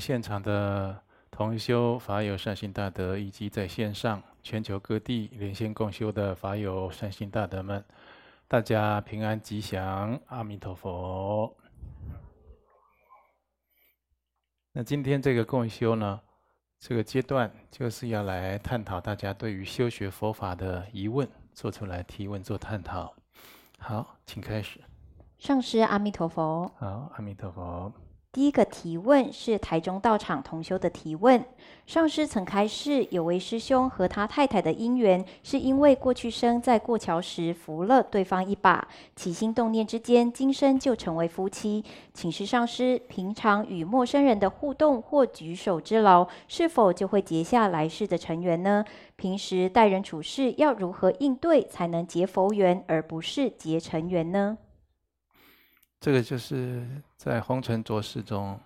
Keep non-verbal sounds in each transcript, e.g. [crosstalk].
現場的同修法友善心大德，以及在線上全球各地連線共修的法友善心大德們，大家平安吉祥，阿彌陀佛。那今天這個共修呢，這個階段就是要來探討大家對於修學佛法的疑問，做出來提問做探討。好，請開始。上師阿彌陀佛。好，阿彌陀佛。第一個提問是台中道場同修的提問：上師曾開示，有位師兄和他太太的姻緣，是因為過去生在過橋時扶了對方一把，起心動念之間，今生就成為夫妻。請示上師，平常與陌生人的互動或舉手之勞，是否就會結下來世的塵緣呢？平時待人處事要如何應對，才能結佛緣而不是結塵緣呢？這個就是在紅塵濁世中，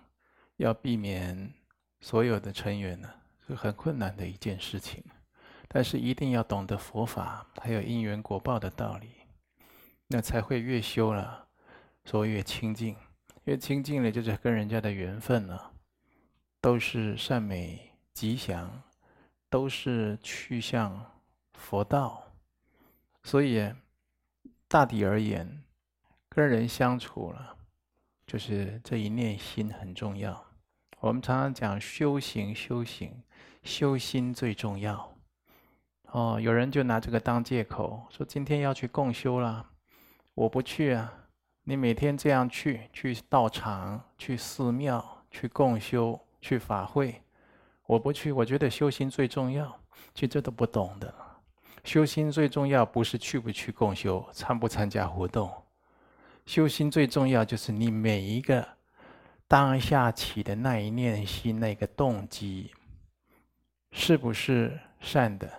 要避免所有的塵緣呢，是很困難的一件事情。但是一定要懂得佛法，還有因緣果報的道理，那才會越修了，所以越清淨。越清淨了，就是跟人家的緣分呢、啊，都是善美、吉祥，都是趨向佛道。所以大抵而言，跟人相處了，就是這一念心很重要。我們常常講修行，修行，修心最重要。哦，有人就拿這個當借口，說今天要去共修了，我不去啊。你每天這樣去，去道場，去寺廟，去共修，去法會，我不去。我覺得修心最重要。其實這都不懂的，修心最重要，不是去不去共修，參不參加活動。修心最重要，就是你每一個當下起的那一念心，那個動機，是不是善的？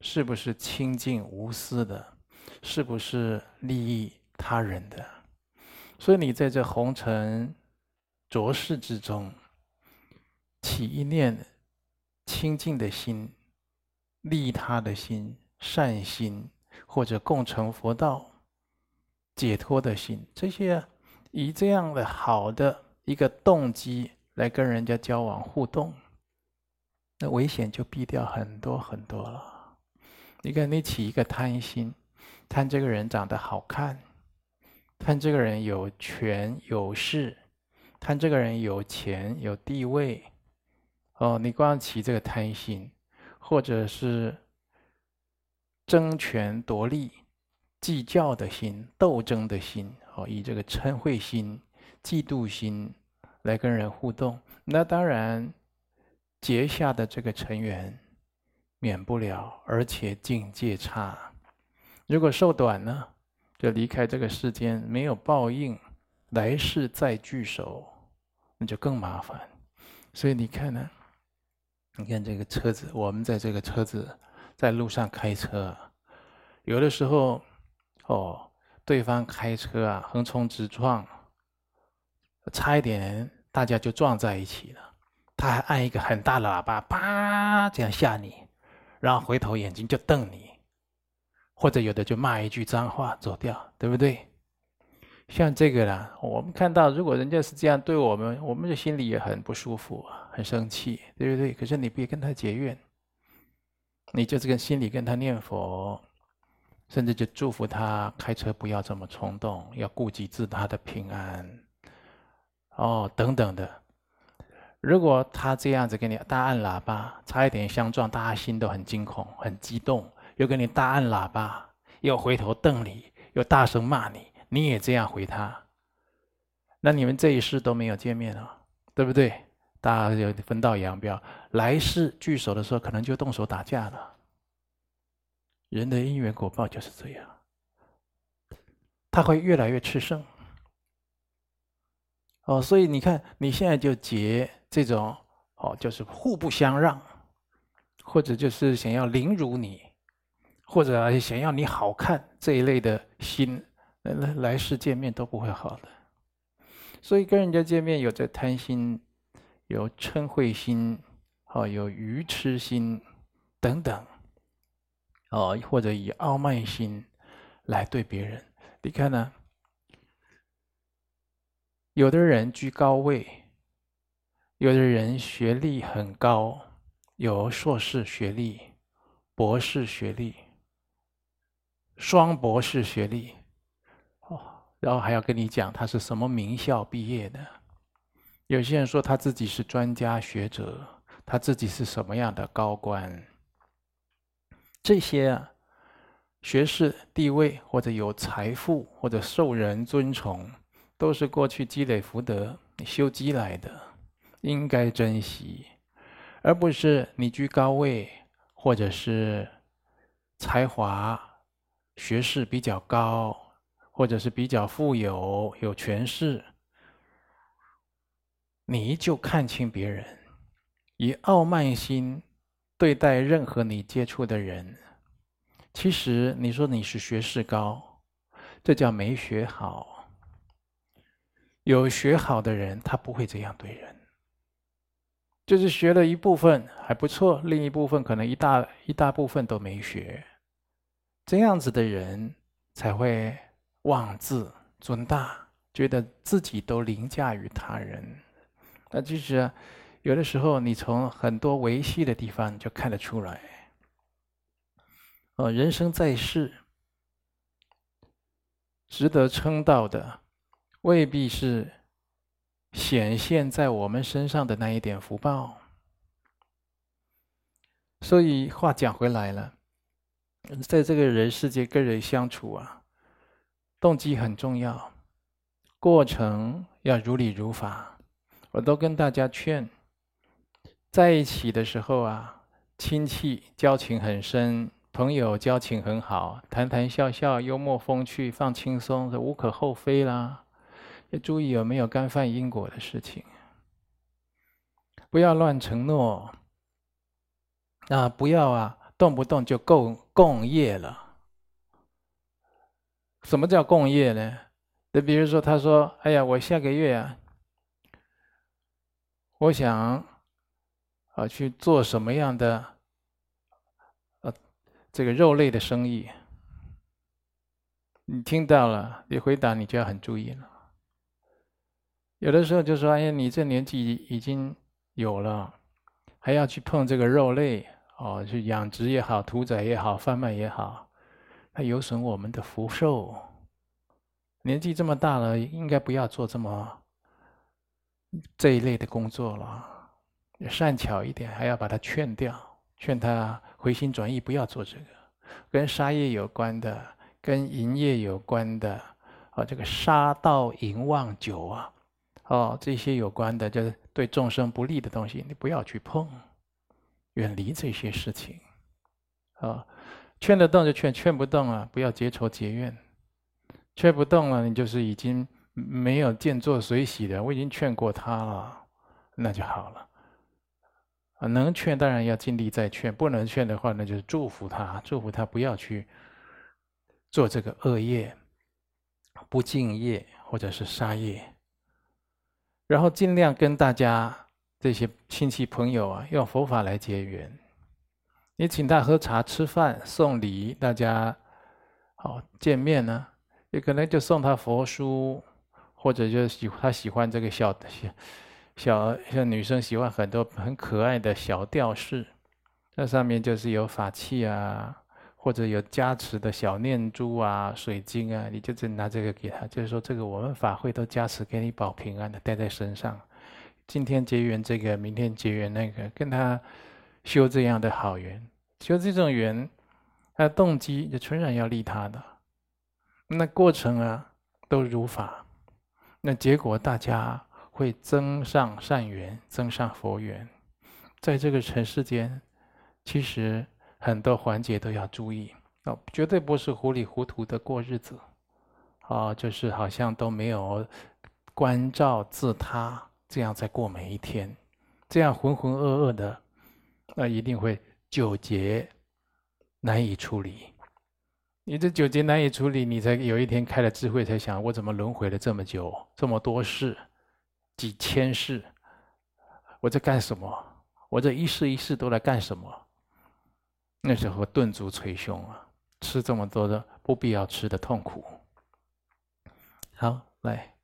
是不是清淨無私的？是不是利益他人的？所以你在這紅塵濁世之中，起一念清淨的心、利他的心、善心，或者共成佛道。解脫的心，這些以這樣的好的一個動機來跟人家交往互動，那危險就避掉很多很多了。你看，你起一個貪心，貪這個人長得好看，貪這個人有權有勢，貪這個人有錢有地位，哦，你光起這個貪心，或者是爭權奪利。計較的心、鬥爭的心，好，以這個瞋恚心、嫉妒心來跟人互動，那當然結下的這個塵緣免不了，而且境界差。如果壽短呢，就離開這個世間，沒有報應，來世再聚首，那就更麻煩。所以你看呢？你看這個車子，我們在這個車子在路上開車，有的時候。哦，oh，對方開車啊，橫衝直撞，差一點人，大家就撞在一起了。他還按一個很大的喇叭，啪，這樣嚇你，然後回頭眼睛就瞪你，或者有的就罵一句髒話走掉，對不對？像這個啦，我們看到如果人家是這樣對我們，我們的心裡也很不舒服，很生氣，對不對？可是你別跟他結怨，你就是跟心裡跟他念佛。甚至就祝福他開車不要這麼衝動，要顧及自他的平安，哦，等等的。如果他這樣子給你大按喇叭，差一點相撞，大家心都很驚恐、很激動，又給你大按喇叭，又回頭瞪你，又大聲罵你，你也這樣回他，那你們這一世都沒有見面了，對不對？大家就分道揚鑣，來世聚首的時候，可能就動手打架了。人的因緣果報就是這樣，他會越來越熾盛哦。所以你看，你現在就結這種哦，就是互不相讓，或者就是想要凌辱你，或者想要你好看這一類的心，來來世見面都不會好的。所以跟人家見面有著貪心、有瞋恚心、哦有愚痴心等等。哦，或者以傲慢心來對別人，你看呢、啊？有的人居高位，有的人學歷很高，有碩士學歷、博士學歷、雙博士學歷，哦，然後還要跟你講他是什麼名校畢業的。有些人說他自己是專家學者，他自己是什麼樣的高官。這些啊，學識地位，或者有財富，或者受人尊崇，都是過去積累福德修積來的，應該珍惜，而不是你居高位或者是才華學識比較高，或者是比較富有有權勢，你就看輕別人，以傲慢心。對待任何你接觸的人，其實你說你是學識高，這叫沒學好。有學好的人，他不會這樣對人。就是學了一部分還不錯，另一部分可能一大一大部分都沒學，這樣子的人才會妄自尊大，覺得自己都凌駕於他人。那其實。有的時候，你從很多維繫的地方就看得出來。哦，人生在世，值得稱道的未必是顯現在我們身上的那一點福報。所以話講回來了，在這個人世間跟人相處啊，動機很重要，過程要如理如法，我都跟大家勸。在一起的時候啊，親戚交情很深，朋友交情很好，談談笑笑，幽默風趣，放輕鬆，這無可厚非啦。要注意有沒有干犯因果的事情，不要亂承諾啊！不要啊，動不動就共共業了。什麼叫共業呢？那比如說，他說：“哎呀，我下個月啊。”我想。啊，去做什麼樣的，呃，這個肉類的生意？你聽到了，你回答你就要很注意了。有的時候就說：“哎呀，你這年紀已經有了，還要去碰這個肉類哦，去養殖也好，屠宰也好，販賣也好，它有損我們的福壽。年紀這麼大了，應該不要做這麼這一類的工作了。”善巧一點，還要把他勸掉，勸他回心轉意，不要做這個跟殺業有關的、跟淫業有關的，哦，這個殺盜淫妄酒啊，哦，這些有關的，就是對眾生不利的東西，你不要去碰，遠離這些事情，啊、哦，勸得動就勸，勸不動啊，不要結仇結怨，勸不動了、啊，你就是已經沒有見作隨喜的，我已經勸過他了，那就好了。能勸當然要盡力再勸，不能勸的話呢，就是祝福他，祝福他不要去做這個惡業、不敬業或者是殺業。然後盡量跟大家這些親戚朋友啊，用佛法來結緣。你請他喝茶、吃飯、送禮，大家好見面呢、啊。也可能就送他佛書，或者就喜他喜歡這個小的。小像女生喜歡很多很可愛的小吊飾，那上面就是有法器啊，或者有加持的小念珠啊、水晶啊，你就只拿這個給她，就是說這個我們法會都加持給你保平安的，戴在身上。今天結緣這個，明天結緣那個，跟他修這樣的好緣，修這種緣，他的動機就純然要利他的，那過程啊都如法，那結果大家。會增上善緣，增上佛緣，在這個塵世間，其實很多環節都要注意，啊，絕對不是糊里糊塗的過日子，啊，就是好像都沒有關照自他，這樣在過每一天，這樣渾渾噩噩的，那一定會糾結，難以處理。你這糾結難以處理，你才有一天開了智慧，才想我怎麼輪回了這麼久，這麼多事。幾千世，我在幹什麼？我這一世一世都在幹什麼？那時候我頓足捶胸啊，吃這麼多的不必要吃的痛苦。好，來。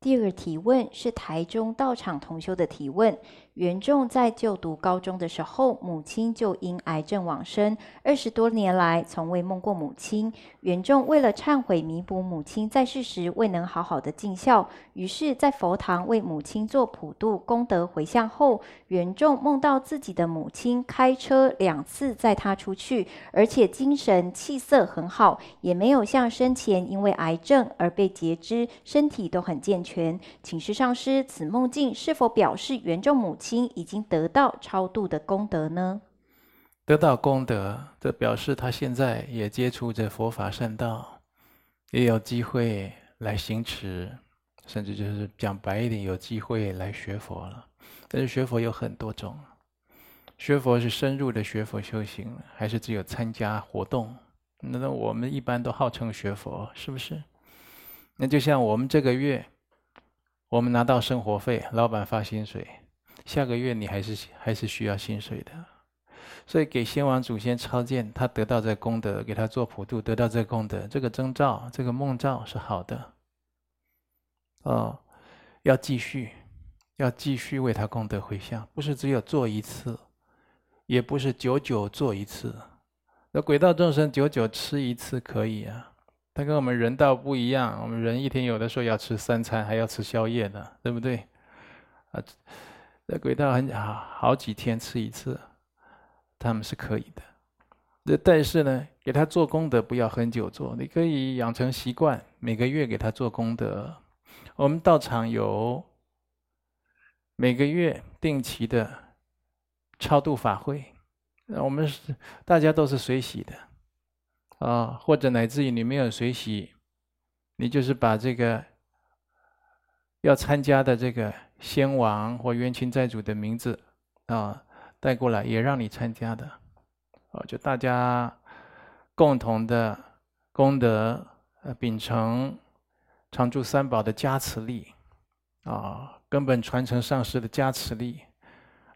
第二個提問是台中道場同修的提問。緣眾在就讀高中的時候，母親就因癌症往生，二十多年來，從未夢過母親。緣眾為了懺悔彌補母親在世時未能好好的盡孝，於是，在佛堂為母親做普渡功德回向後，緣眾夢到自己的母親開車兩次載他出去，而且精神氣色很好，也沒有像生前因為癌症而被截肢，身體都很健全。請示上師，此夢境是否表示緣眾母親？親已經得到超度的功德呢？得到功德，這表示他現在也接觸着佛法善道，也有機會來行持，甚至就是講白一點，有機會來學佛了。但是學佛有很多種，學佛是深入的學佛修行，還是只有參加活動？那那我們一般都號稱學佛，是不是？那就像我們這個月，我們拿到生活費，老闆發薪水。下個月你還是還是需要薪水的，所以給先亡祖先超薦，他得到這功德，給他做普渡，得到這功德，這個徵兆，這個夢兆是好的，哦，要繼續，要繼續為他功德迴向，不是只有做一次，也不是久久做一次，那鬼道眾生久久吃一次可以啊，他跟我們人道不一樣，我們人一天有的時候要吃三餐，還要吃宵夜的，對不對？啊。在軌道很好，好幾天吃一次，他們是可以的。但是呢，給他做功德不要很久做，你可以養成習慣，每個月給他做功德。我們道場有每個月定期的超度法會，我們是大家都是隨喜的啊，或者乃至於你沒有隨喜，你就是把這個要參加的這個。先亡或冤親債主的名字啊，帶過來也讓你參加的啊，就大家共同的功德，呃，秉承常住三寶的加持力啊，根本傳承上師的加持力，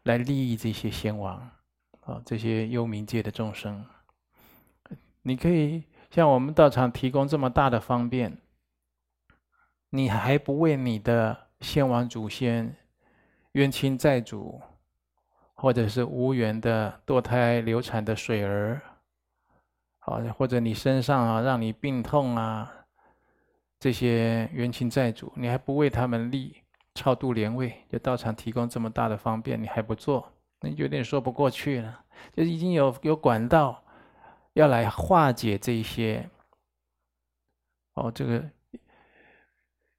來利益這些先亡啊，這些幽冥界的眾生。你可以像我們道場提供這麼大的方便，你還不為你的？先亡祖先、冤親債主，或者是無緣的墮胎、流產的水兒，好，或者你身上啊，讓你病痛啊，這些冤親債主，你還不為他們立超度蓮位，就道場提供這麼大的方便，你還不做，那有點說不過去了。就是已經有有管道，要來化解這些，哦，這個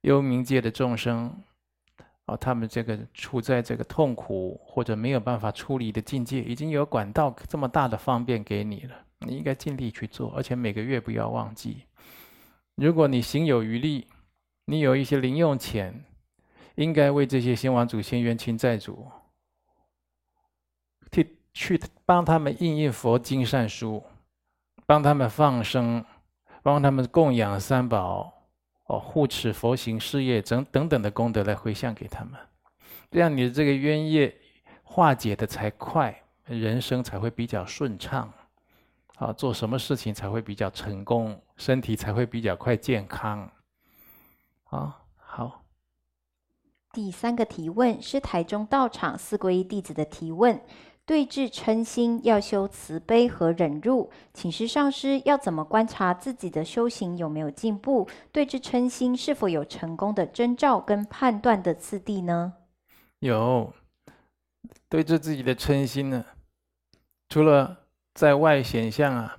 幽冥界的眾生。哦，他們這個處在這個痛苦或者沒有辦法處理的境界，已經有管道這麼大的方便給你了，你應該盡力去做，而且每個月不要忘記。如果你行有餘力，你有一些零用錢，應該為這些先亡祖先、冤親債主，替去幫他們印印佛經善書，幫他們放生，幫他們供養三寶。哦，護持佛行事業等等等的功德來回向給他們，這樣你的這個冤業化解得才快，人生才會比較順暢，啊、哦，做什麼事情才會比較成功，身體才會比較快健康，啊、哦，好。第三個提問是台中道場四皈依弟子的提問。對治嗔心要修慈悲和忍辱，請示上師，要怎麼觀察自己的修行有沒有進步？對治嗔心是否有成功的徵兆跟判斷的次第呢？有對治自己的嗔心呢、啊，除了在外顯象啊，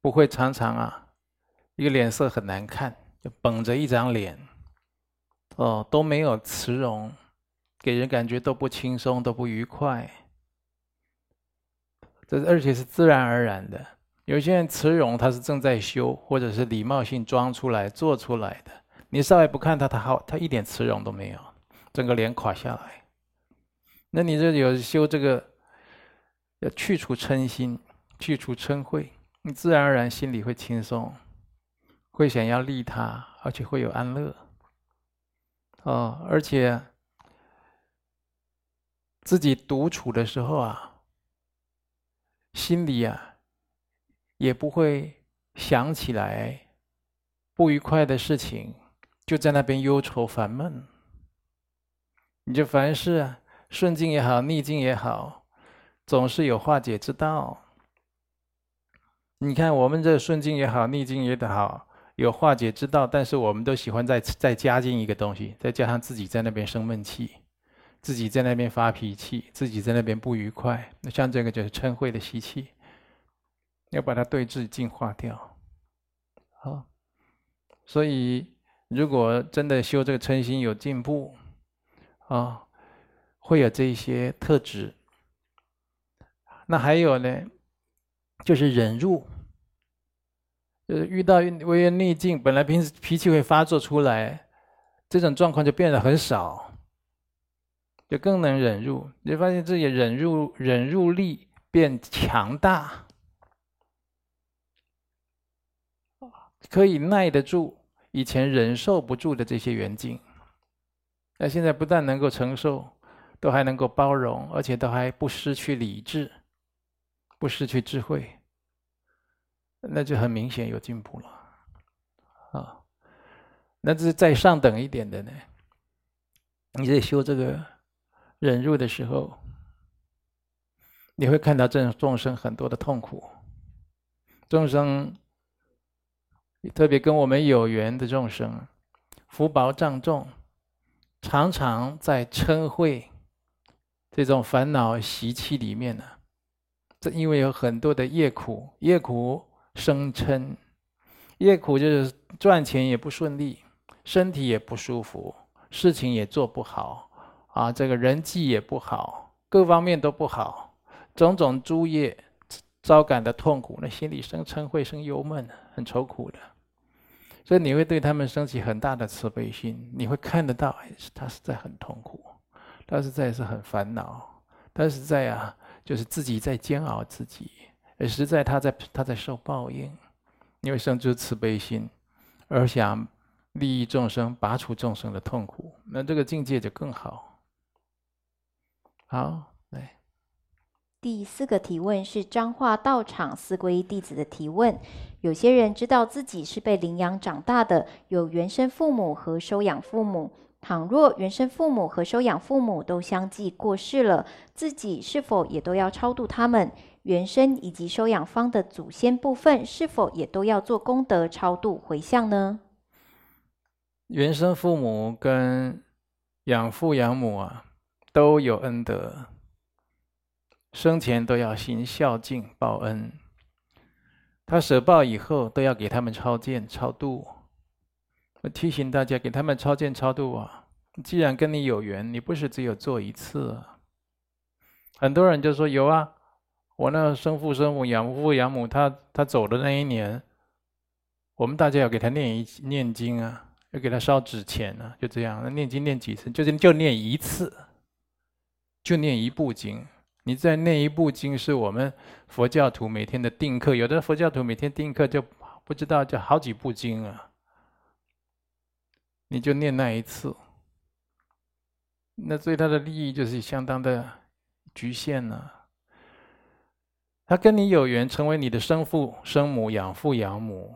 不會常常啊，一個臉色很難看，就繃着一張臉，哦，都沒有慈容，給人感覺都不輕鬆，都不愉快。而且是自然而然的。有些人慈容，他是正在修，或者是禮貌性裝出來、做出來的。你上來不看他，他好，他一點慈容都沒有，整個臉垮下來。那你這有修這個，要去除嗔心，去除嗔恚，你自然而然心裡會輕鬆，會想要利他，而且會有安樂。哦，而且自己獨處的時候啊。心裡啊，也不會想起來不愉快的事情，就在那邊憂愁煩悶。你就凡事啊，順境也好，逆境也好，總是有化解之道。你看我們這順境也好，逆境也得好，有化解之道。但是我們都喜歡再，再加進一個東西，再加上自己在那邊生悶氣。自己在那邊發脾氣，自己在那邊不愉快，那像這個就是嗔恚的習氣，要把它對治、淨化掉。好，所以如果真的修這個嗔心有進步，啊，會有這一些特質。那還有呢，就是忍辱，就是、遇到違緣逆境，本來平時脾氣會發作出來，這種狀況就變得很少。就更能忍辱，你發現自己忍辱忍辱力變強大，可以耐得住以前忍受不住的這些緣境，那現在不但能夠承受，都還能夠包容，而且都還不失去理智，不失去智慧，那就很明顯有進步了，啊，那這是再上等一點的呢，你在修這個。忍辱的時候，你會看到這種眾生很多的痛苦，眾生，特別跟我們有緣的眾生，福薄障重，常常在嗔恚這種煩惱習氣裡面呢。正因為有很多的業苦，業苦生嗔，業苦就是賺錢也不順利，身體也不舒服，事情也做不好。啊，這個人際也不好，各方面都不好，種種諸業招感的痛苦，那心裡生瞋恚，生憂悶，很愁苦的。所以你會對他們生起很大的慈悲心，你會看得到、哎是，他實在很痛苦，他實在是很煩惱，他實在啊，就是自己在煎熬自己，而實在他在，他在受報應，因為生出慈悲心而想利益眾生，拔除眾生的痛苦，那這個境界就更好。好，對。第四個提問是彰化道場四皈依弟子的提問：有些人知道自己是被領養長大的，有原生父母和收養父母。倘若原生父母和收養父母都相繼過世了，自己是否也都要超度他們？原生以及收養方的祖先部分，是否也都要做功德超度回向呢？原生父母跟養父養母啊。都有恩德，生前都要行孝敬報恩，他捨報以後都要給他們超薦超度。我提醒大家，給他們超薦超度啊！既然跟你有緣，你不是只有做一次、啊。很多人就說，有啊，我那生父生母、養父養母，他他走的那一年，我們大家要給他念一念經啊，要給他燒紙錢啊，就這樣、啊。那念經念幾次？就是就念一次。就念一部經，你在念一部經，是我們佛教徒每天的定課。有的佛教徒每天定課就不知道就好幾部經啊。你就念那一次，那對他的利益就是相當的局限了。他跟你有緣，成為你的生父、生母、養父、養母，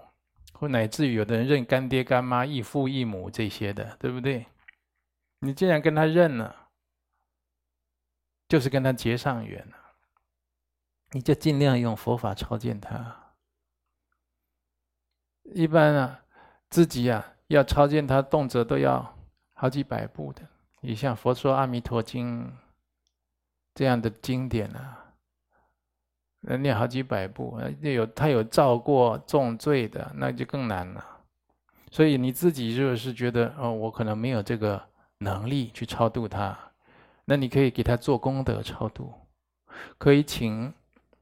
或乃至於有的人認乾爹、乾媽、義父義母這些的，對不對？你既然跟他認了、啊。就是跟他結上緣了，你就盡量用佛法超薦他。一般啊，自己啊要超薦他，動輒都要好幾百部的。你像《佛說阿彌陀經》這樣的經典啊，人家念好幾百部。有他有造過重罪的，那就更難了。所以你自己如果是覺得哦，我可能沒有這個能力去超度他。那你可以給他做功德超度，可以請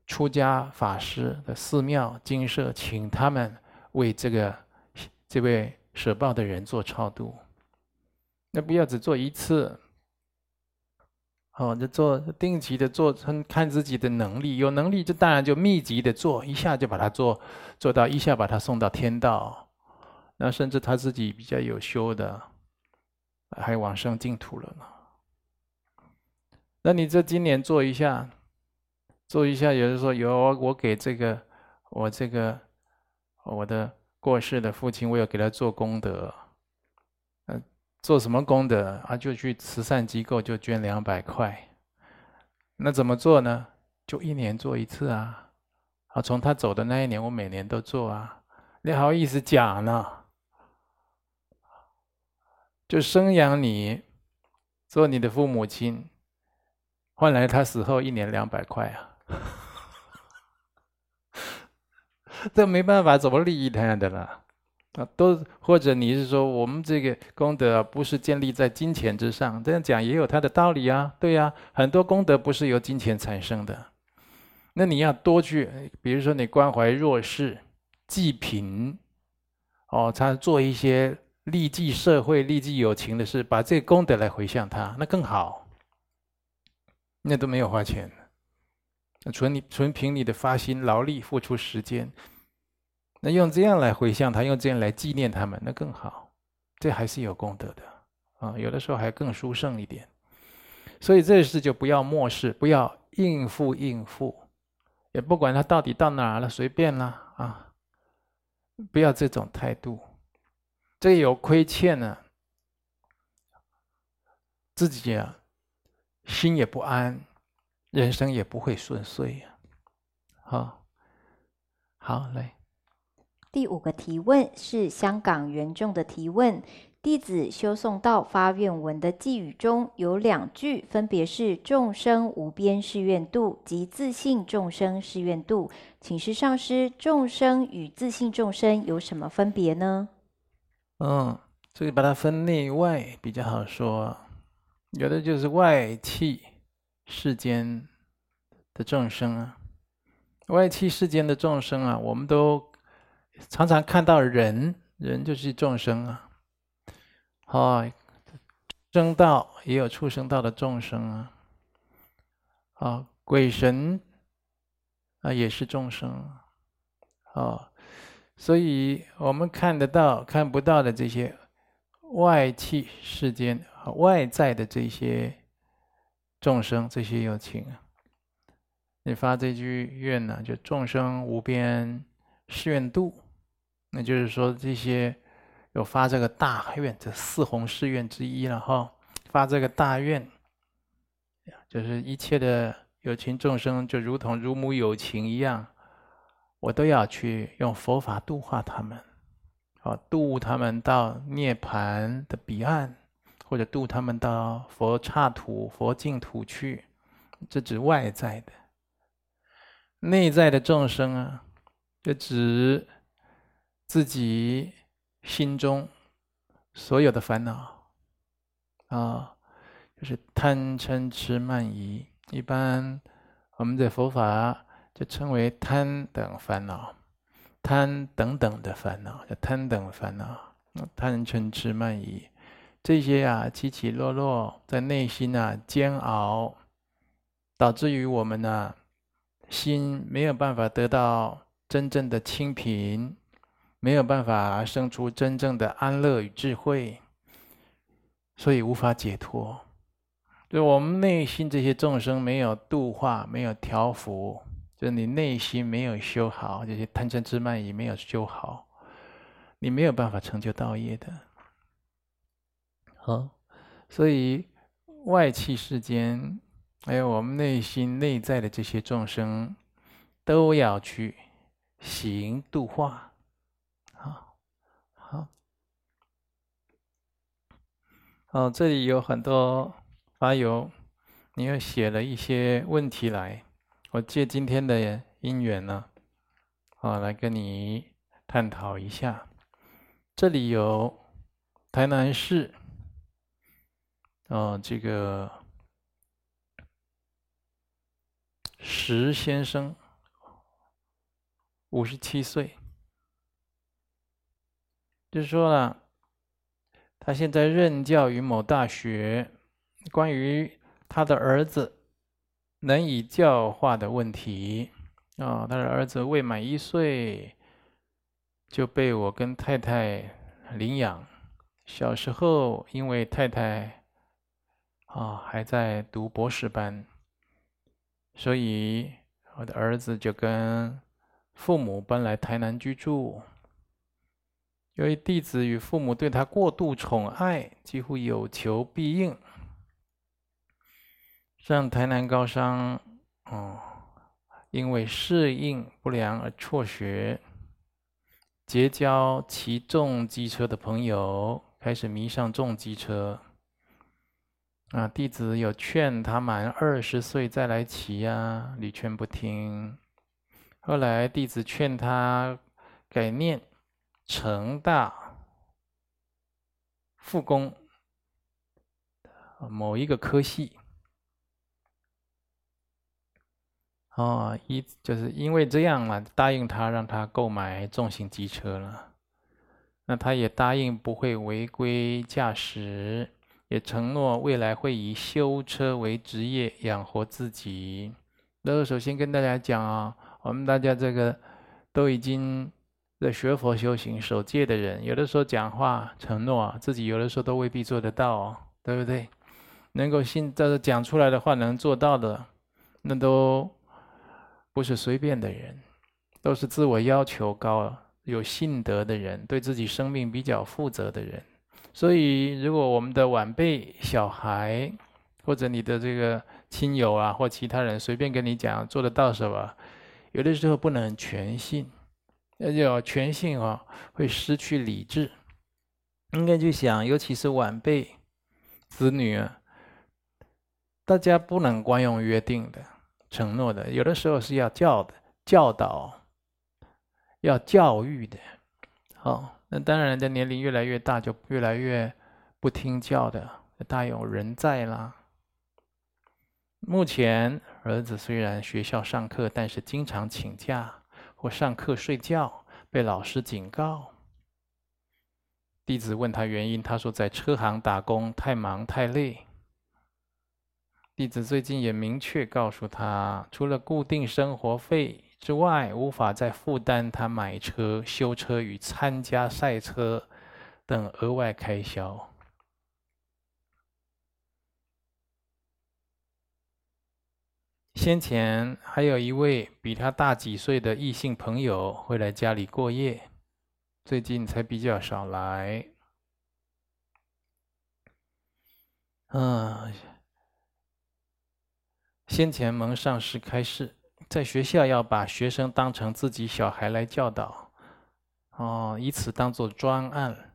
出家法師的寺廟、精舍，請他們為這個這位捨報的人做超度。那不要只做一次，哦，那做定期的做，看自己的能力，有能力就當然就密集的做，一下就把它做做到，一下把他送到天道。那甚至他自己比較有修的，還往生淨土了呢。那你這今年做一下，做一下，有人說，有我給這個我這個我的過世的父親，我有給他做功德。做什麼功德？他、啊，就去慈善機構就捐兩百塊。那怎麼做呢？就一年做一次啊，啊，從他走的那一年我每年都做啊，你好意思講呢？就生養你，做你的父母親。換來他死後一年兩百塊啊，這沒辦法，怎麼利益他的啦？啊，都或者你是說我們這個功德不是建立在金錢之上？這樣講也有他的道理啊，對呀、啊，很多功德不是由金錢產生的。那你要多去，比如說你關懷弱勢、濟貧，哦，他做一些利濟社會、利濟有情的事，把這個功德來回向他，那更好。那都沒有花錢，那純你純憑你的發心、勞力、付出時間，那用這樣來迴向他，用這樣來紀念他們，那更好，這還是有功德的啊。有的時候還更殊勝一點，所以這事就不要漠視，不要應付應付，也不管他到底到哪兒了，隨便了啊，不要這種態度，這有虧欠呢、啊，自己啊。心也不安，人生也不會順遂呀、啊。好，好來。第五個提問是香港緣眾的提問：弟子修誦到發願文的偈語中有兩句，分別是“眾生無邊誓願度”及“自性眾生誓願度”。請示上師，眾生與自性眾生有什麼分別呢？嗯，這個把它分內外比較好說。有的就是外器世間的眾生啊，外器世間的眾生啊，我們都常常看到人，人就是眾生啊，好，畜生道，也有畜生道的眾生啊，啊，鬼神啊也是眾生啊，啊，所以我們看得到看不到的這些外器世間。外在的這些眾生，這些有情、啊，你發這句願呢、啊？就眾生無邊誓願度，那就是說，這些有發這個大願，這四弘誓願之一了哈。發這個大願，就是一切的有情眾生，就如同如母有情一樣，我都要去用佛法度化他們，啊，度他們到涅槃的彼岸。或者渡他們到佛剎土、佛淨土去，這指外在的；內在的眾生啊，就指自己心中所有的煩惱啊，就是貪嗔癡慢疑。一般我們的佛法就稱為貪等煩惱，貪等等的煩惱叫貪等煩惱，貪嗔癡癡慢疑。這些啊，起起落落，在內心啊煎熬，導致於我們呢、啊、心沒有辦法得到真正的清貧，沒有辦法生出真正的安樂與智慧，所以無法解脫。就我們內心這些眾生沒有度化，沒有調伏，就是你內心沒有修好，這些貪嗔癡慢疑沒有修好，你沒有辦法成就道業的。啊，所以外器世間，還有我們內心內在的這些眾生，都要去行度化。好，好，哦，這裡有很多發友，你又寫了一些問題來，我借今天的因緣呢，啊，來跟你探討一下。這裡有台南市。啊、哦，這個石先生五十七歲，就是、說了，他現在任教於某大學。關於他的兒子難以教化的問題啊、哦，他的兒子未滿一歲就被我跟太太領養，小時候因為太太。啊、哦，還在讀博士班，所以我的兒子就跟父母搬來台南居住。由於弟子與父母對他過度寵愛，幾乎有求必應，上台南高商哦、嗯，因為適應不良而輟學，結交騎重機車的朋友，開始迷上重機車。啊！弟子有勸他滿二十歲再來騎啊，屢勸不聽。後來弟子勸他改念成大復工某一個科系哦，一就是因為這樣嘛，答應他讓他購買重型機車了。那他也答應不會違規駕駛。也承諾未來會以修車為職業養活自己。那個、首先跟大家講啊，我們大家這個都已經在學佛修行、守戒的人，有的時候講話承諾自己，有的時候都未必做得到，對不對？能夠信，但是講出來的話能做到的，那都不是隨便的人，都是自我要求高、有信德的人，對自己生命比較負責的人。所以，如果我們的晚輩、小孩，或者你的這個親友啊，或其他人隨便跟你講做得到什麼，有的時候不能全信，那要全信啊、哦，會失去理智。應該去想，尤其是晚輩子女，啊。大家不能光用約定的、承諾的，有的時候是要教的、教導、要教育的，好。那當然，人家年齡越來越大，就越來越不聽教的。大有人在啦。目前兒子雖然學校上課，但是經常請假或上課睡覺，被老師警告。弟子問他原因，他說在車行打工太忙太累。弟子最近也明確告訴他，除了固定生活費。之外，無法再負擔他買車、修車與參加賽車等額外開銷。先前還有一位比他大幾歲的異性朋友會來家裡過夜，最近才比較少來。嗯，先前蒙上師開示，在學校要把學生當成自己小孩來教導，哦，以此當作專案，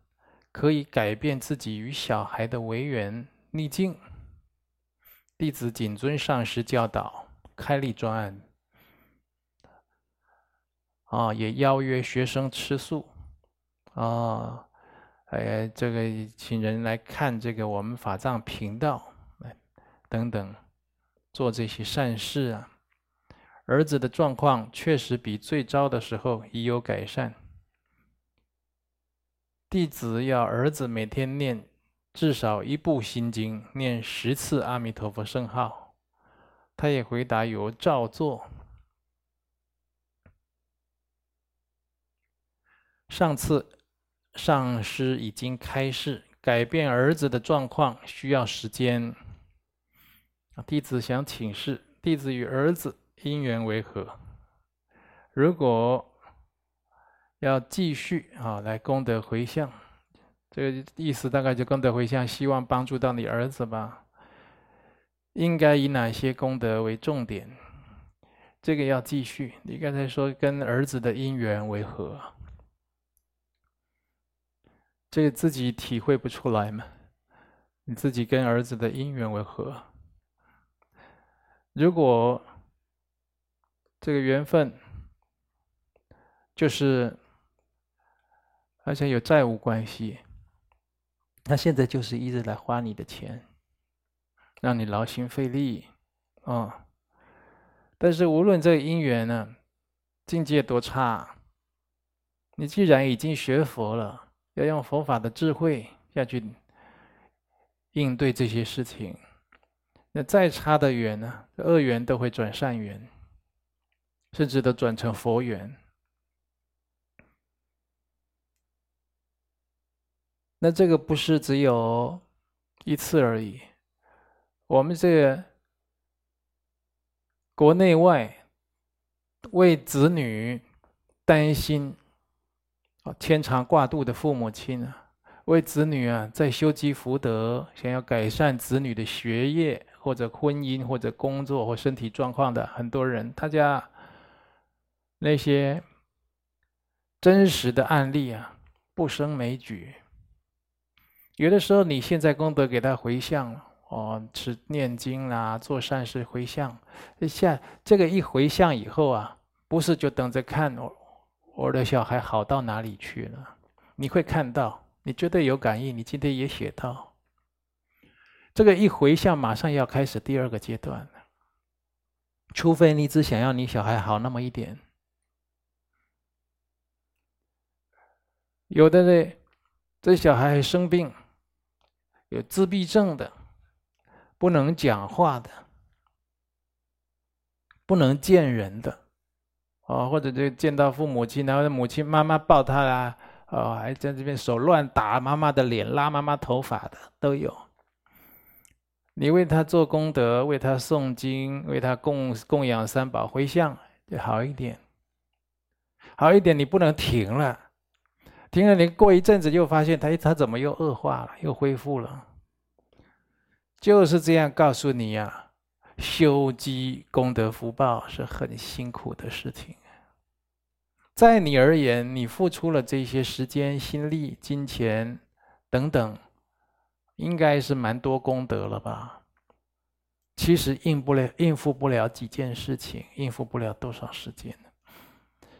可以改變自己與小孩的違緣逆境。弟子謹遵上師教導，開立專案，啊、哦，也邀約學生吃素，啊、哦，哎，這個請人來看這個我們法藏頻道，等等，做這些善事啊。兒子的狀況確實比最糟的時候已有改善。弟子要兒子每天念至少一部《心經》，念十次阿彌陀佛聖號。他也回答有照做。上次上師已經開示，改變兒子的狀況需要時間。弟子想請示，弟子與兒子，因緣為何？如果要繼續啊、哦，來功德回向，這個意思大概就功德回向，希望幫助到你兒子吧。應該以哪些功德為重點？這個要繼續。你剛才說跟兒子的因緣為何？這個自己體會不出來嗎？你自己跟兒子的因緣為何？如果這個緣分，就是而且有債務關係，他現在就是一直來花你的錢，讓你勞心費力啊、哦！但是無論這個因緣呢、啊，境界多差，你既然已經學佛了，要用佛法的智慧下去應對這些事情，那再差的緣呢，惡緣都會轉善緣。甚至都轉成佛緣，那這個不是只有一次而已。我們這個國內外為子女擔心、牽腸掛肚的父母親啊，為子女啊在修積福德，想要改善子女的學業或者婚姻或者工作或身體狀況的很多人，大家。那些真實的案例啊，不勝枚舉。有的時候，你現在功德給他迴向，哦，是念經啦、啊，做善事迴向。下這個一迴向以後啊，不是就等着看我我的小孩好到哪裡去了？你會看到，你絕對有感應。你今天也寫到，這個一回向，馬上要開始第二個階段了。除非你只想要你小孩好那麼一點。有的呢，這小孩還生病，有自閉症的，不能講話的，不能見人的，啊、哦，或者就見到父母親，然後母親媽媽抱他啦，啊、哦，還在這邊手亂打媽媽的臉，拉媽媽頭髮的都有。你為他做功德，為他誦經，為他供供養三寶、回向，就好一點，好一點，你不能停了。聽了，你過一陣子又發現他，他怎麼又惡化了？又恢復了？就是這樣告訴你呀、啊，修積功德福報是很辛苦的事情。在你而言，你付出了這些時間、心力、金錢等等，應該是蠻多功德了吧？其實應不了，應付不了幾件事情，應付不了多少時間呢？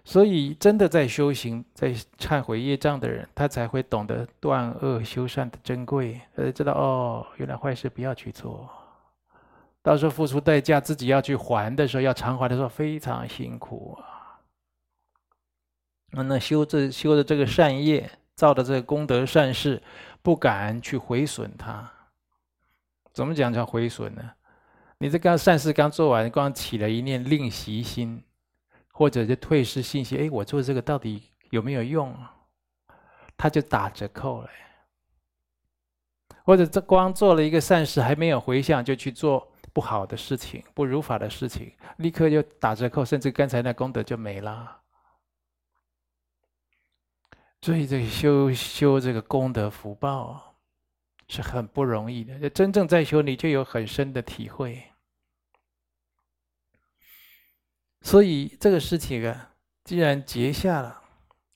所以，真的在修行、在懺悔業障的人，他才會懂得斷惡修善的珍貴，他才知道哦，原來壞事不要去做，到時候付出代價，自己要去還的時候，要償還的時候，非常辛苦啊。那那修這修的這個善業，造的這個功德善事，不敢去毀損它。怎麼講叫毀損呢？你這剛善事剛做完，剛起了一念令習心。或者就退失信心，哎，我做這個到底有沒有用啊？他就打折扣了。或者這光做了一個善事，還沒有回向，就去做不好的事情、不如法的事情，立刻就打折扣，甚至剛才那功德就沒了。所以這修修這個功德福報，是很不容易的。真正在修，你就有很深的體會。所以這個事情啊，既然結下了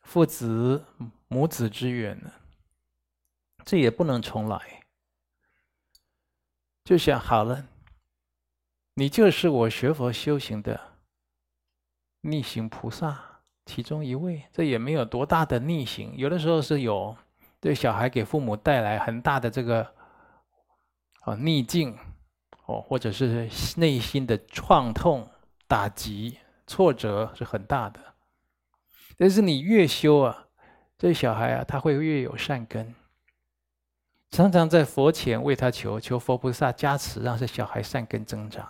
父子母子之緣了，這也不能重來。就想好了，你就是我學佛修行的逆行菩薩其中一位，這也沒有多大的逆行。有的時候是有對小孩給父母帶來很大的這個啊逆境哦，或者是內心的創痛。打擊挫折是很大的，但是你越修啊，這小孩啊，他會越有善根。常常在佛前為他求，求佛菩薩加持，讓這小孩善根增長。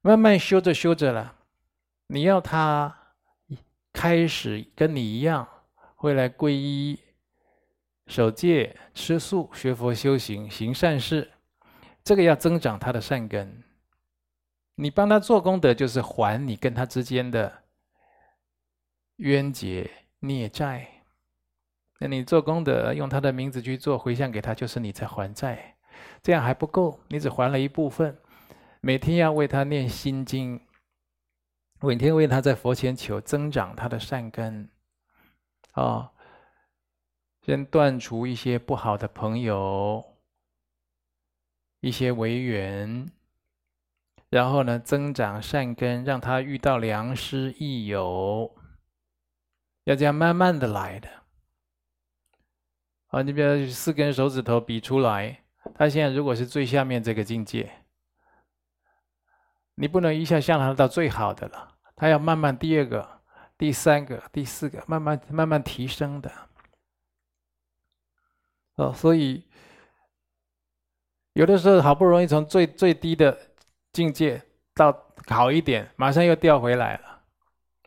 慢慢修着修着了，你要他開始跟你一樣，會來皈依、守戒、吃素、學佛修行、行善事，這個要增長他的善根。你幫他做功德，就是還你跟他之間的冤結孽債。那你做功德，用他的名字去做回向給他，就是你在還債。這樣還不夠，你只還了一部分。每天要為他念心經，每天為他在佛前求增長他的善根。哦，先斷除一些不好的朋友，一些違緣。然後呢，增長善根，讓他遇到良師益友，要這樣慢慢的來的。啊，你比如四根手指頭比出來，他現在如果是最下面這個境界，你不能一下向他到最好的了，他要慢慢第二個、第三個、第四個，慢慢慢慢提升的。哦，所以有的時候好不容易從最最低的。境界到好一點，馬上又掉回來了。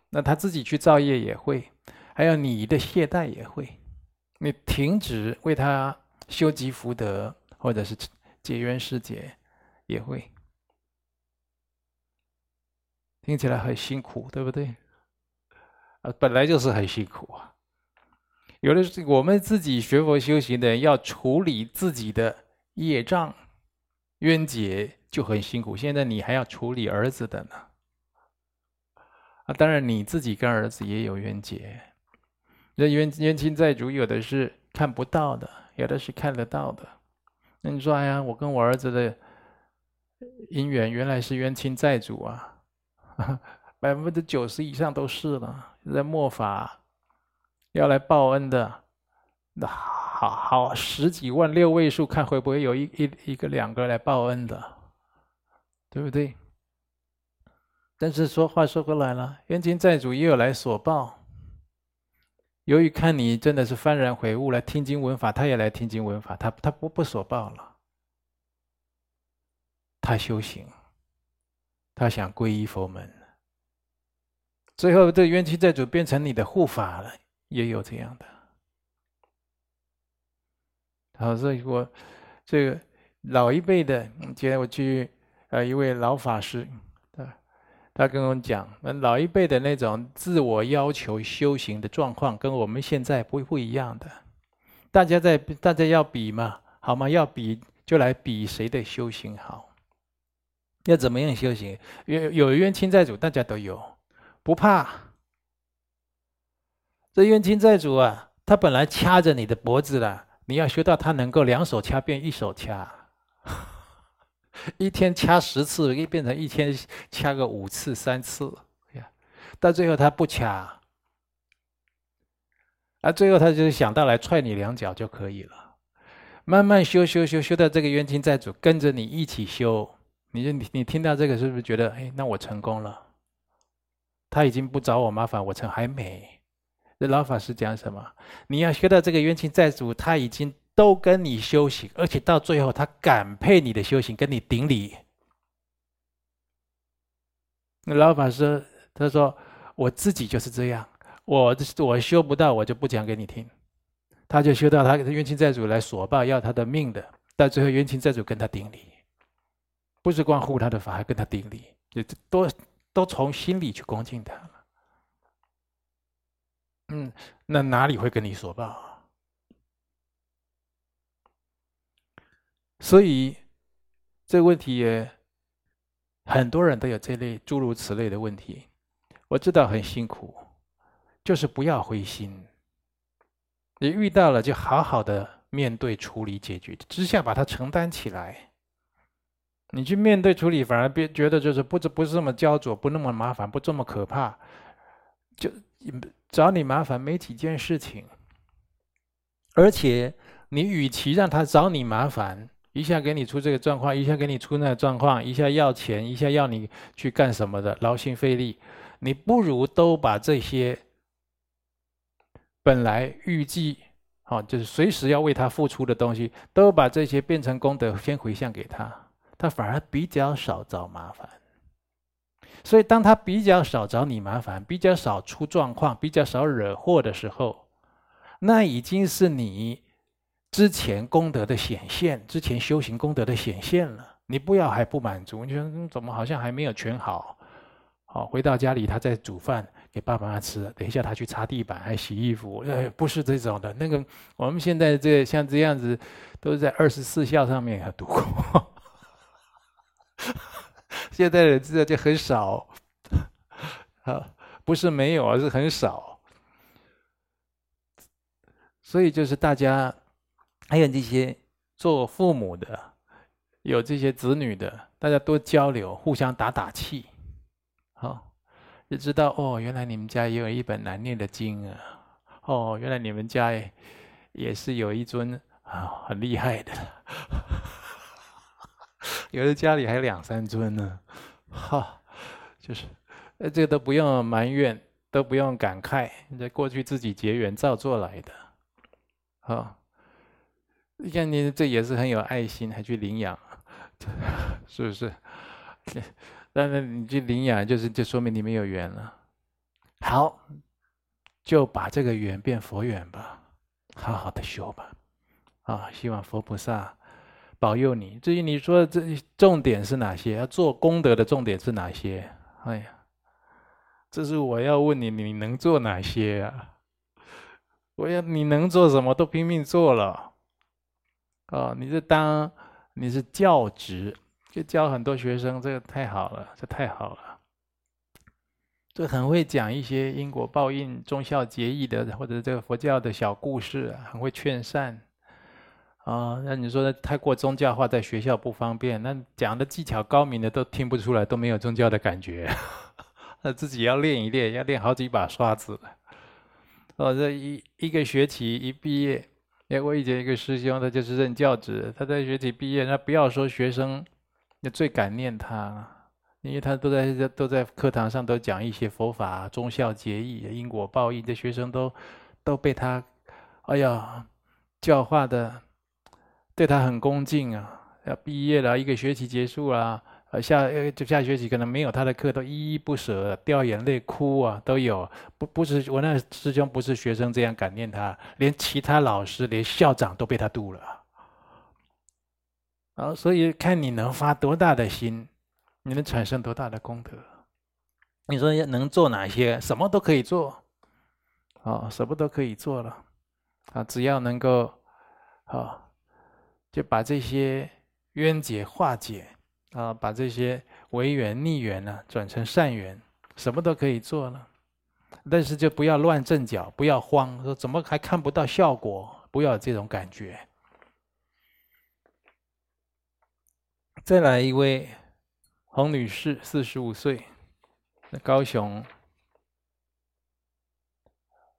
那他自己去造業也會，還有你的懈怠也會。你停止為他修積福德，或者是解冤釋結也會。聽起來很辛苦，對不對？啊，本來就是很辛苦啊。有的是我們自己學佛修行的人，要處理自己的業障、冤結。就很辛苦，現在你還要處理兒子的呢，啊，當然你自己跟兒子也有冤結。那冤冤親債主有的是看不到的，有的是看得到的。那你說，哎呀，我跟我兒子的姻緣原來是冤親債主啊，百分之九十以上都是了。在末法要來報恩的，那好好十幾萬六位數，看會不會有一一一，一個兩個來報恩的。對不對？但是說話說回來了，冤親債主也有來索報。由於看你真的是幡然悔悟，來聽經聞法，他也來聽經聞法，他他不不索報了。他修行，他想皈依佛門。最後，這冤親債主變成你的護法了，也有這樣的。好，所以我這個老一輩的，今天我去。呃，一位老法師，他他跟我講，老一輩的那種自我要求修行的狀況，跟我們現在不不一樣的。大家在，大家要比嘛，好嗎？要比就來比誰的修行好，要怎麼樣修行？有有冤親債主，大家都有，不怕。這冤親債主啊，他本來掐着你的脖子了，你要學到他能夠兩手掐變一手掐。一天掐十次，可以變成一天掐個五次、三次，呀、yeah.，到最後他不掐，啊，最後他就是想到來踹你兩腳就可以了。慢慢修修修修到這個冤親債主跟着你一起修，你就你你聽到這個是不是覺得哎，那我成功了？他已經不找我麻煩，我成還沒？那老法師講什麼？你要修到這個冤親債主，他已經。都跟你修行，而且到最後他感佩你的修行，跟你頂禮。那老板說：“他說我自己就是這樣，我我修不到，我就不講給你聽。”他就修到他冤親債主來索報，要他的命的。到最後，冤親債主跟他頂禮，不是光護他的法，還跟他頂禮，這都都從心裡去恭敬他。嗯，那哪裡會跟你索報？所以，這個問題也很多人都有這類諸如此類的問題。我知道很辛苦，就是不要灰心。你遇到了就好好的面對、處理、解決，直下把它承擔起來。你去面對處理，反而別覺得就是不不不是這麼焦灼，不那麼麻煩，不這麼可怕。就找你麻煩沒幾件事情，而且你與其讓他找你麻煩。一下給你出這個狀況，一下給你出那個狀況，一下要錢，一下要你去幹什麼的，勞心費力。你不如都把這些本來預計，好，就是隨時要為他付出的東西，都把這些變成功德，先回向給他，他反而比較少找麻煩。所以，當他比較少找你麻煩，比較少出狀況，比較少惹禍的時候，那已經是你。之前功德的顯現，之前修行功德的顯現了。你不要還不滿足，你說、嗯、怎麼好像還沒有全好？好，回到家裡，他在煮飯給爸爸媽媽吃。等一下，他去擦地板，還洗衣服。哎，不是這種的。那個，我們現在這像這樣子，都是在二十四孝上面讀過。 [laughs] 現在人知道就很少。好，不是沒有，而是很少。所以就是大家，還有這些做父母的，有這些子女的，大家多交流，互相打打氣，好，就知道哦，原來你們家也有一本難念的經啊，哦，原來你們家也是有一尊啊、哦、很厲害的， [laughs] 有的家裡還兩三尊呢、啊，哈，就是，呃，這個都不用埋怨，都不用感慨，你在過去自己結緣造作來的，好。你看，你這也是很有愛心，還去領養，是不是？當然，你去領養就是，就說明你們有緣了。好，就把這個緣變佛緣吧，好好的修吧。啊，希望佛菩薩保佑你。至於你說的這重點是哪些、啊，要做功德的重點是哪些？哎呀，這是我要問你，你能做哪些啊？我要你能做什麼，都拼命做了。哦，你是當你是教職，就教很多學生，這個太好了，這個、太好了，就很會講一些因果報應、忠孝節義的，或者這個佛教的小故事、啊，很會勸善。啊、哦，那你說的太過宗教化，在學校不方便。那講的技巧高明的都聽不出來，都沒有宗教的感覺。那 [laughs] 自己要練一練，要練好幾把刷子了。哦，這一一個學期一畢業。哎，我以前一個師兄，他就是任教職，他在學期畢業，他不要說學生，也最感念他，因為他都在都在課堂上都講一些佛法、忠孝節義、因果報應，這學生都都被他，哎呀，教化的，對他很恭敬啊。要畢業了，一個學期結束啦、啊。下，呃，就下學期可能沒有他的課，都依依不捨、啊、掉眼淚、哭啊，都有。不不是我那師兄，不是學生這樣感念他，連其他老師、連校長都被他度了。啊、哦，所以看你能發多大的心，你能產生多大的功德。你說能做哪些？什麼都可以做，啊、哦，什麼都可以做了。啊，只要能夠，啊、哦，就把這些冤結化解。啊，把這些違緣逆緣呢，轉成善緣，什麼都可以做了，但是就不要亂陣腳，不要慌，說怎麼還看不到效果，不要有這種感覺。再來一位，洪女士，四十五歲，在高雄。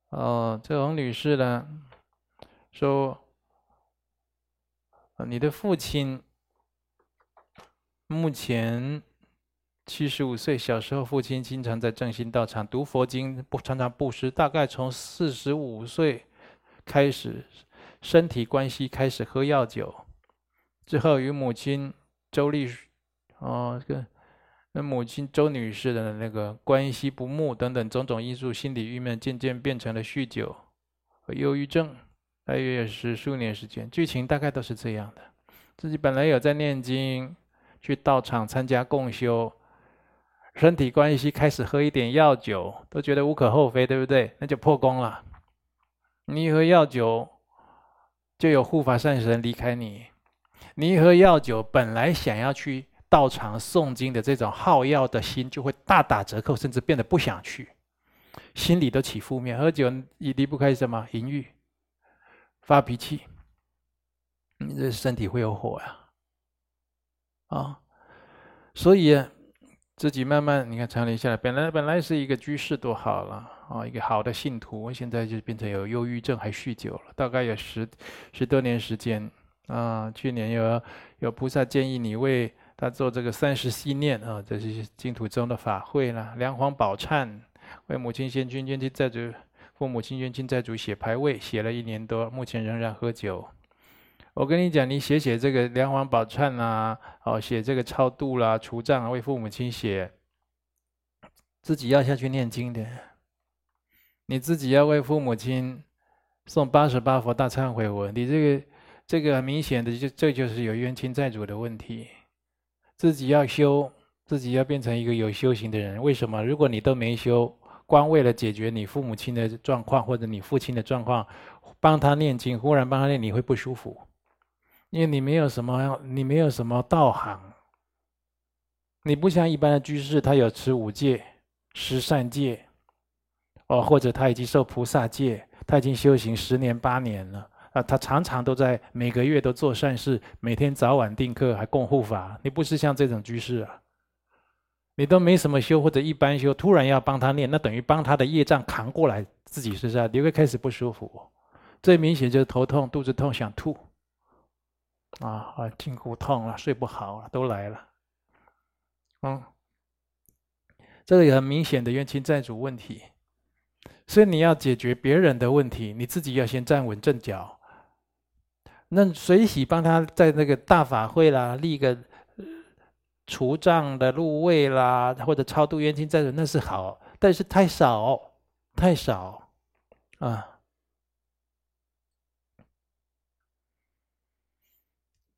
哦，這洪女士呢，說，你的父親。目前七十五歲，小時候父親經常在正心道場讀佛經，不常常布施。大概從四十五歲開始，身體關係開始喝藥酒，之後與母親周律師，哦，跟、這、跟、個、母親周女士的那個關係不睦等等種種因素，心理鬱悶，漸漸變成了酗酒和憂鬱症，大約是數年時間。劇情大概都是這樣的，自己本來有在念經。去道場參加共修，身體關係開始喝一點藥酒，都覺得無可厚非，對不對？那就破功了。你一喝藥酒，就有護法善神離開你。你一喝藥酒，本來想要去道場誦經的這種好樂的心就會大打折扣，甚至變得不想去，心裡都起負面。喝酒也離不開什麼淫欲、發脾氣，你這身體會有火啊。啊，所以自己慢慢你看，長年下來，本來本來是一個居士多好了啊，一個好的信徒，現在就變成有憂鬱症，還酗酒了，大概有十十多年時間啊。去年有有菩薩建議你為他做這個三時繫念啊，這是淨土中的法會啦，梁皇寶懺為母親、先君、先帝在主、父母親、先君在主寫牌位，寫了一年多，目前仍然喝酒。我跟你講，你寫寫這個梁皇寶懺啊，哦，寫這個超度啦、啊、除障、啊，為父母親寫，自己要下去念經的，你自己要為父母親誦八十八佛大懺悔文。你這個這個很明顯的，就這就是有冤親債主的問題。自己要修，自己要變成一個有修行的人。為什麼？如果你都沒修，光為了解決你父母親的狀況或者你父親的狀況，幫他念經，忽然幫他念，你會不舒服。因為你沒有什麼，你沒有什麼道行，你不像一般的居士，他有持五戒、十善戒，哦，或者他已經受菩薩戒，他已經修行十年八年了啊，他常常都在每個月都做善事，每天早晚定課還供護法。你不是像這種居士啊，你都沒什麼修或者一般修，突然要幫他念，那等於幫他的業障扛過來，自己身上你會開始不舒服，最明顯就是頭痛、肚子痛、想吐。啊，啊，筋骨痛了，睡不好了，都來了。嗯，這個有很明顯的冤親債主問題，所以你要解決別人的問題，你自己要先站穩陣腳。那隨喜幫他在那個大法會啦，立個除障的祿位啦，或者超度冤親債主，那是好，但是太少，太少，啊、嗯。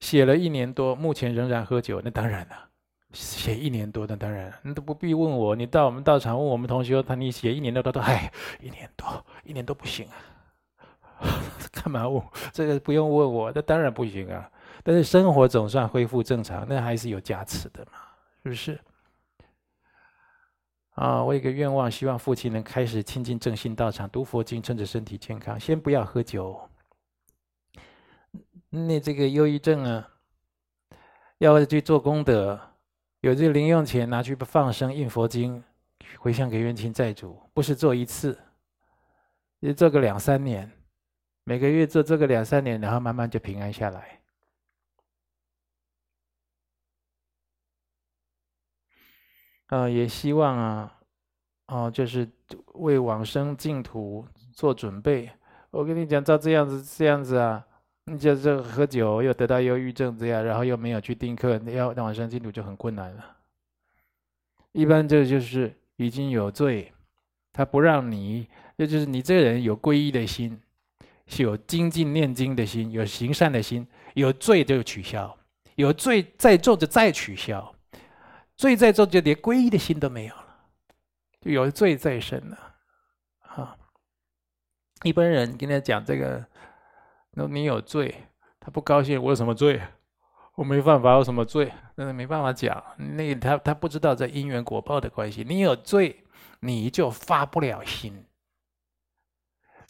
寫了一年多，目前仍然喝酒，那當然了、啊。寫一年多，那當然、啊，你都不必問我。你到我們道場問我們同學，他你寫一年多，他都哎，一年多，一年多不行啊。幹嘛問？這個不用問我，那當然不行啊。但是生活總算恢復正常，那還是有加持的嘛，是不是？啊，我有一個願望，希望父親能開始親近正心道場，讀佛經，趁着身體健康，先不要喝酒。你這個憂鬱症啊，要去做功德，有這個零用錢拿去放生、印佛經、迴向給冤親債主，不是做一次，你做個兩三年，每個月做這個兩三年，然後慢慢就平安下來。呃，也希望啊，哦、呃，就是為往生淨土做準備。我跟你講，照這樣子，這樣子啊。就是喝酒，又得到憂鬱症這樣，然後又沒有去定課，那要那往生淨土就很困難了。一般這就是已經有罪，他不讓你，那就是你這個人有皈依的心，是有精進念經的心，有行善的心，有罪就取消，有罪再做就再取消，罪再做就連皈依的心都沒有了，就有罪在身了。啊，一般人跟他講這個。你有罪，他不高興。我有什麼罪？我沒辦法，我有什麼罪？但是沒辦法講。那他他不知道這因緣果報的關係。你有罪，你就發不了心。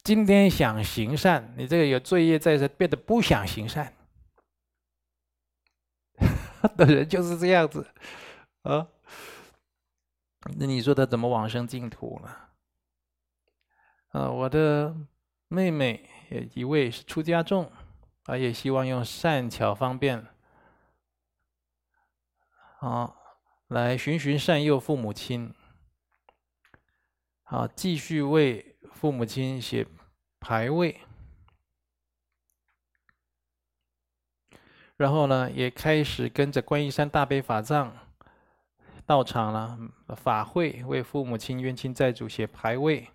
今天想行善，你這個有罪業在身，變得不想行善 [laughs] 的人就是這樣子啊。那你說他怎麼往生淨土呢？啊，我的妹妹。也一位是出家眾，啊，也希望用善巧方便，好來循循善誘父母親，好繼續為父母親寫牌位。然後呢，也開始跟着觀音山大悲法藏道場了法會，為父母親、冤親債主寫牌位。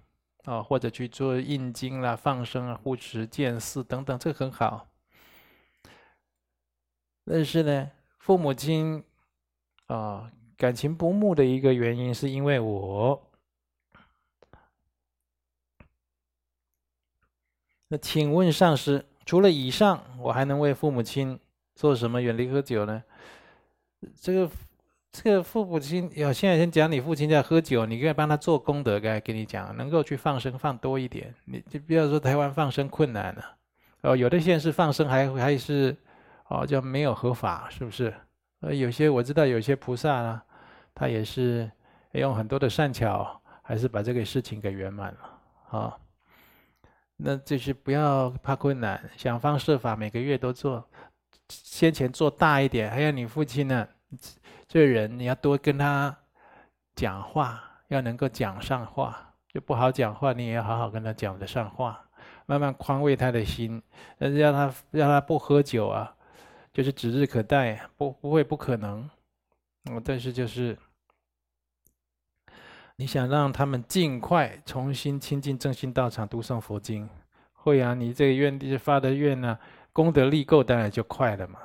啊，或者去做印經啦、放生啊、護持建寺等等，這個，很好。但是呢，父母親啊、哦、感情不睦的一個原因，是因為我。那請問上師，除了以上，我還能為父母親做什麼？遠離喝酒呢？這個。這個父母親，要、哦、現在先講你父親在喝酒，你可以幫他做功德。該跟你講，能夠去放生放多一點。你就不要說台灣放生困難了、啊，哦，有的縣市放生還還是，哦，叫沒有合法是不是？呃，有些我知道有些菩薩呢、啊，他也是用很多的善巧，還是把這個事情給圓滿了啊、哦。那就是不要怕困難，想方設法每個月都做，先前做大一點，還、哎、有你父親呢、啊。這人你要多跟他講話，要能夠講上話，就不好講話，你也要好好跟他講得上話，慢慢寬慰他的心，讓他讓他不喝酒啊，就是指日可待，不不會不可能，嗯，但是就是你想讓他們儘快重新親近正信道場，讀誦佛經，會啊，你這個願的發的願呢，啊，功德力夠，當然就快了嘛。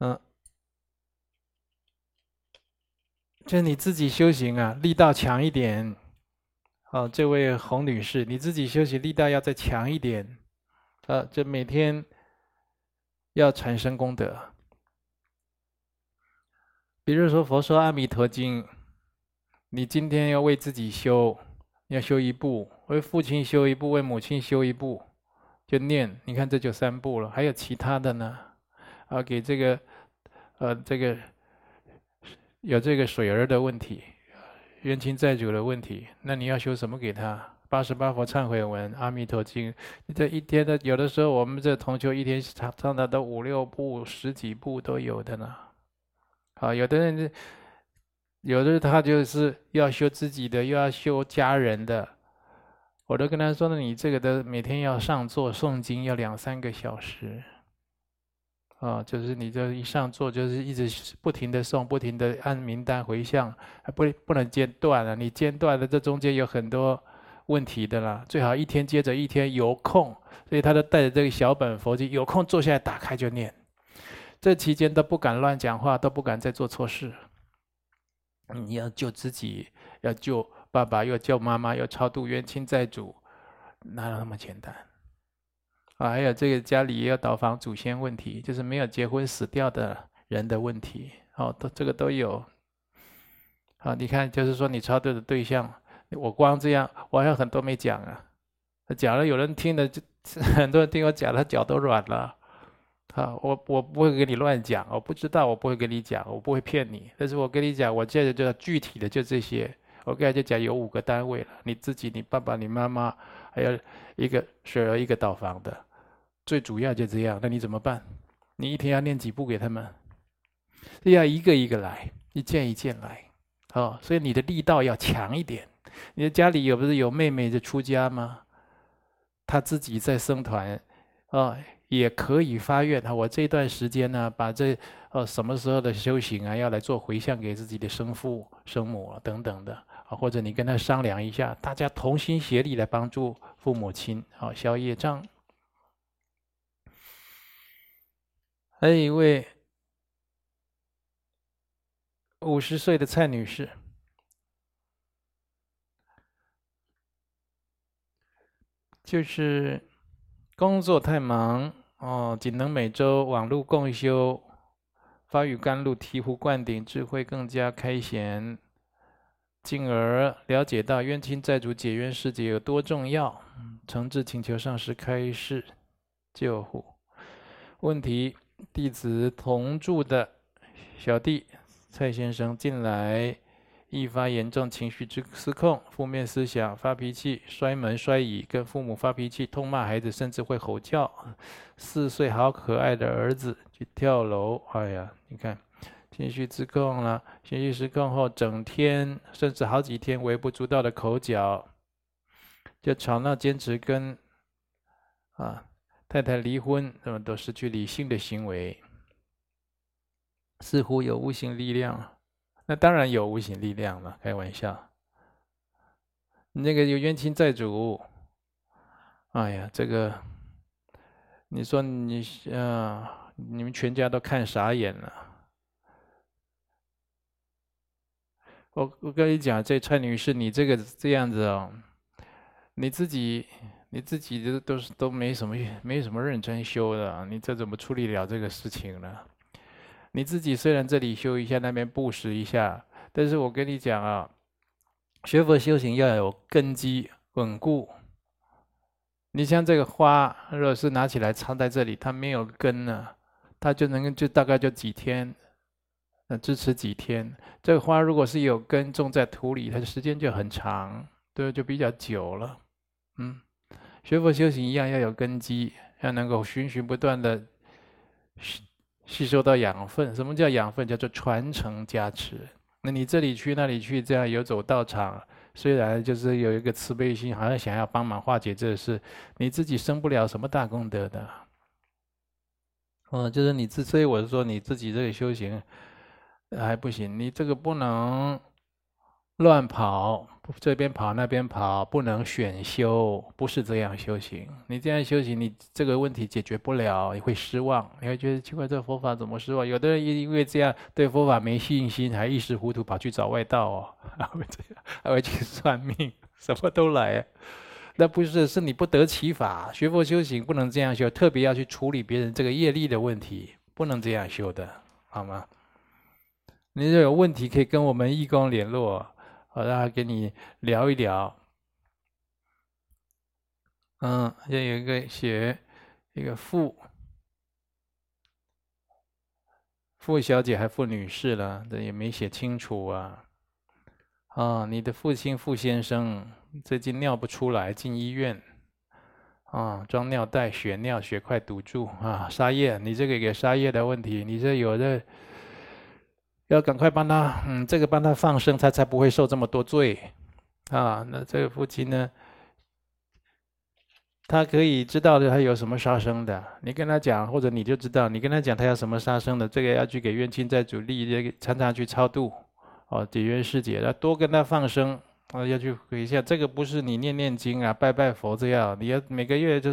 嗯，這你自己修行啊，力道強一點。好，啊，這位洪女士，你自己修行力道要再強一點。呃、啊，這每天要產生功德。比如說《佛說阿彌陀經》，你今天要為自己修，要修一部；為父親修一部，為母親修一部，就念。你看，這就三部了。還有其他的呢？啊，給這個。呃，這個有這個水兒的問題，冤親債主的問題，那你要修什麼給他？八十八佛懺悔文、阿彌陀經，你這一天的，有的時候我們這同修一天唱他的都五六部、十幾部都有的呢。啊，有的人，有的他就是要修自己的，又要修家人的。我都跟他說了，你這個的每天要上座誦經要兩三個小時。啊、嗯，就是你這一上座，就是一直不停的誦，不停的按名單回向，不不能間斷了、啊。你間斷了，這中間有很多問題的啦。最好一天接着一天有空，所以他就帶着這個小本佛經，有空坐下來打開就念。這期間都不敢亂講話，都不敢再做錯事。你要救自己，要救爸爸，要救媽媽，要超度冤親債主，哪有那麼簡單？啊，還有這個家裡也有倒房祖先問題，就是沒有結婚死掉的人的問題。哦，都這個都有。好、哦，你看，就是說你超渡的對象。我光這樣，我還有很多沒講啊。講了有人聽了，就很多人聽我講，他腳都軟了。好、哦，我我不會跟你亂講，我不知道，我不會跟你講，我不會騙你。但是我跟你講，我現在就具體的就這些。我剛才就講有五個單位了，你自己、你爸爸、你媽媽，還有一個雪兒，學一個倒房的。最主要就這樣，那你怎麼辦？你一天要念幾部給他們？要一個一個來，一件一件來，哦，所以你的力道要強一點。你的家裡有不是有妹妹在出家嗎？她自己在僧團啊，哦，也可以發願。我這段時間呢，把這哦什麼時候的修行啊，要來做回向給自己的生父、生母，啊、等等的啊，哦，或者你跟她商量一下，大家同心協力來幫助父母親啊消業障。哦還有一位五十歲的蔡女士，就是工作太忙哦，僅能每周網絡共修，法語甘露醍醐灌頂，智慧更加開顯，進而了解到冤親債主解冤釋結有多重要，誠摯請求上師開示救護問題。弟子同住的小弟蔡先生近來，愈發嚴重，情緒之失控，負面思想，發脾氣，摔門摔椅，跟父母發脾氣，痛罵孩子，甚至會吼叫。四歲好可愛的兒子去跳樓，哎呀，你看，情緒失控了。情緒失控後，整天甚至好幾天微不足道的口角，就吵鬧，堅持跟啊。太太離婚，那、嗯、麼都失去理性的行為，似乎有無形力量。那當然有無形力量了，開玩笑。那個有冤親債主，哎呀，這個，你說你啊、呃，你們全家都看傻眼了。我我跟你講，這蔡女士，你這個這樣子哦，你自己。你自己都都是都沒什麼，沒什麼認真修的啊，你這怎麼處理了這個事情呢？你自己雖然這裡修一下，那邊布施一下，但是我跟你講啊，學佛修行要有根基穩固。你像這個花，如果是拿起來插在這裡，它沒有根呢，它就能夠就大概就幾天，呃，支持幾天。這個花如果是有根，種在土裡，它的時間就很長，對，就比較久了，嗯。學佛修行一樣要有根基，要能夠源源不斷的吸吸收到養分。什麼叫養分？叫做傳承加持。那你這裡去那裡去，這樣遊走道場雖然就是有一個慈悲心，好像想要幫忙化解這事，你自己生不了什麼大功德的。嗯、哦，就是你之所以我是說你自己這裡修行還不行，你這個不能。亂跑，這邊跑那邊跑，不能選修，不是這樣修行。你這樣修行，你這個問題解決不了，你會失望，你會覺得奇怪，這佛法怎麼失望？有的人因因為這樣對佛法沒信心，還一時糊塗跑去找外道哦，還會這樣，還會去算命，什麼都來。那不是，是你不得其法。學佛修行不能這樣修，特別要去處理別人這個業力的問題，不能這樣修的，好嗎？你這有問題，可以跟我們義工聯絡。好的，那給你聊一聊。嗯，這有一個寫一個傅傅小姐，還傅女士了，這也沒寫清楚啊。啊、哦，你的父親傅先生最近尿不出來，進醫院啊、哦，裝尿袋，血尿，血塊堵住啊。沙葉，你這個也是沙葉的問題，你這有的。要趕快幫他，嗯，這個幫他放生，他才不會受這麼多罪啊。那這個父親呢，他可以知道的，他有什麼殺生的，你跟他講，或者你就知道，你跟他講，他有什麼殺生的，這個要去給冤親債主立的，常常去超度，哦，解冤釋結，那多跟他放生，啊，要去回向。這個不是你念念經啊，拜拜佛這樣，你要每個月就，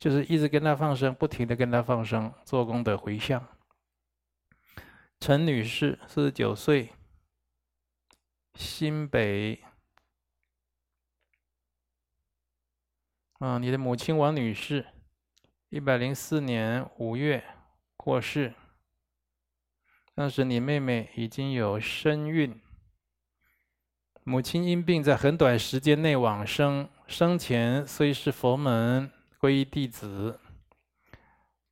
就是一直跟他放生，不停的跟他放生，做功德回向。陳女士，四十九歲，新北。啊、哦，你的母親王女士，一百零四年五月過世。當時你妹妹已經有身孕，母親因病在很短時間內往生，生前雖是佛門皈依弟子，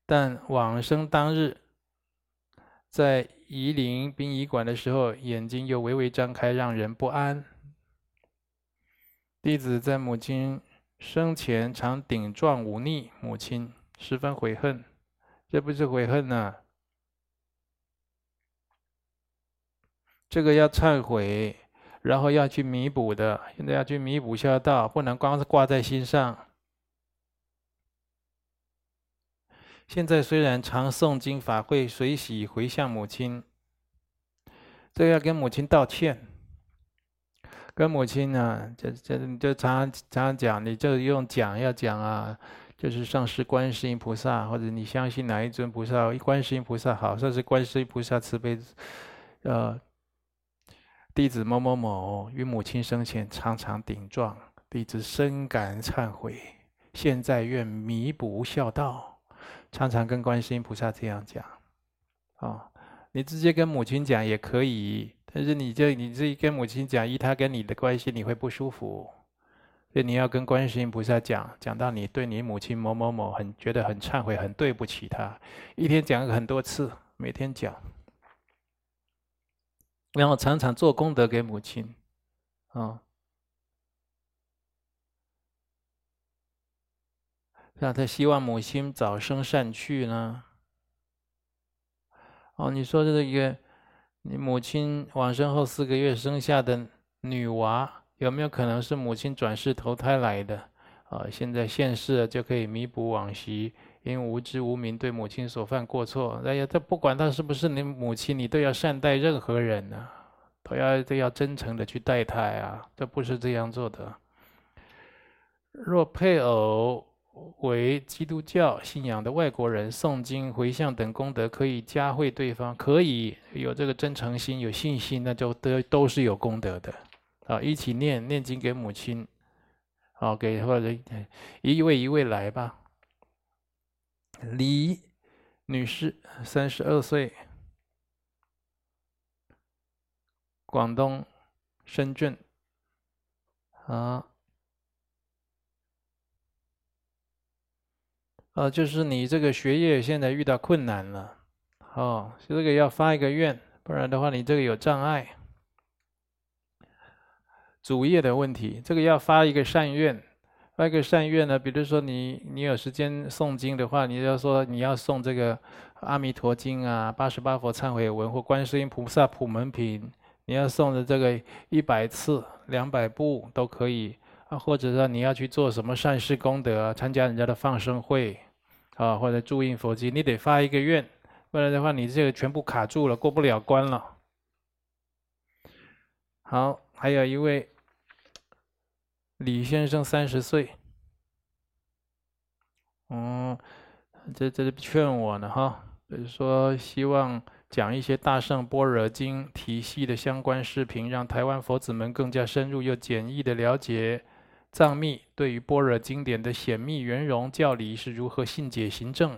但往生當日，在。移靈殯儀館的時候，眼睛又微微張開，讓人不安。弟子在母親生前常頂撞忤逆母親，十分悔恨，這不是悔恨呢、啊？這個要懺悔，然後要去彌補的。現在要去彌補孝道，不能光是掛在心上。現在雖然常誦經法會、隨喜迴向母親，這要跟母親道歉，跟母親呢、啊，就就就，就，就，就常常常常講，你就用講要講啊，就是上師觀世音菩薩，或者你相信哪一尊菩薩，觀世音菩薩好，上師觀世音菩薩慈悲，呃，弟子某某某與母親生前常常頂撞，弟子深感懺悔，現在願彌補孝道。常常跟觀世音菩薩這樣講，啊，你直接跟母親講也可以，但是你這你自己跟母親講，以他跟你的關係，你會不舒服，所以你要跟觀世音菩薩講，講到你對你母親某某某很覺得很懺悔，很對不起他，一天講很多次，每天講，然後常常做功德給母親，啊。那他希望母親早生善趣呢？哦，你說這個你母親往生後四個月生下的女娃，有沒有可能是母親轉世投胎來的？啊、哦，現在現世就可以彌補往昔因為無知無明對母親所犯過錯。哎呀，這不管他是不是你母親，你都要善待任何人呢、啊？都要都要真誠的去待他啊！這不是這樣做的。若配偶。為基督教信仰的外國人誦經迴向等功德，可以加惠對方，可以有這個真誠心、有信心，那就都都是有功德的啊！一起念念經給母親，啊，給或者一位一位來吧。李女士，三十二歲，廣東深圳，啊。啊、呃，就是你這個學業現在遇到困難了，哦，這個要發一個願，不然的話你這個有障礙。主業的問題，這個要發一個善願，發一個善願呢，比如說你你有時間誦經的話，你要說你要誦這個《阿彌陀經》啊，《八十八佛懺悔文》或《觀世音菩薩普門品》，你要誦的這個一百次、兩百部都可以啊，或者說你要去做什麼善事功德，參加人家的放生會。啊，或者助印佛經，你得發一個願，不然的話，你這個全部卡住了，過不了關了。好，還有一位李先生，三十歲，嗯，這這是勸我呢，哈，說希望講一些《大乘般若經》體系的相關視頻，讓台灣佛子們更加深入又簡易的了解。藏密對於般若經典的顯密圓融教理是如何信解行證？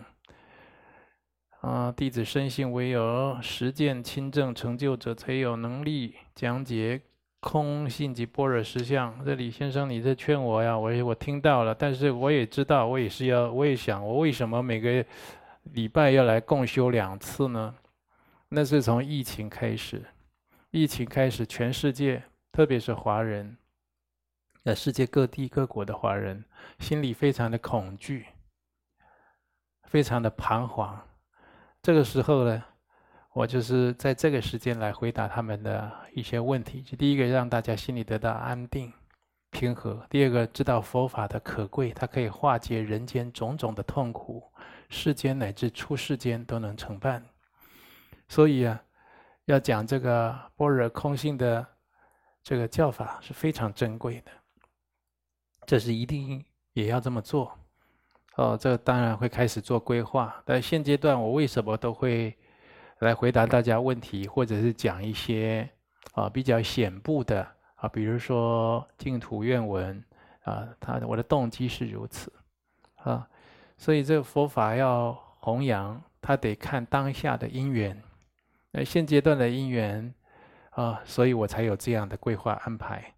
啊，弟子深信唯有實踐親證成就者才有能力講解空性及般若實相。這李先生，你在勸我呀？我也我聽到了，但是我也知道，我也是要，我也想，我為什麼每個禮拜要來共修兩次呢？那是從疫情開始，疫情開始，全世界，特別是華人。那世界各地各國的華人心裡非常的恐懼，非常的彷徨。這個時候呢，我就是在這個時間來回答他們的一些問題。就第一個，讓大家心裡得到安定、平和；第二個，知道佛法的可貴，它可以化解人間種種的痛苦，世間乃至出世間都能成辦。所以啊，要講這個般若空性的這個教法是非常珍貴的。這是一定也要這麼做，哦，這當然會開始做規劃。但現階段我為什麼都會來回答大家問題，或者是講一些啊、呃、比較淺薄的啊，比如說淨土願文啊，他我的動機是如此啊，所以這個佛法要弘揚，他得看當下的因緣，那、呃、現階段的因緣啊，所以我才有這樣的規劃安排。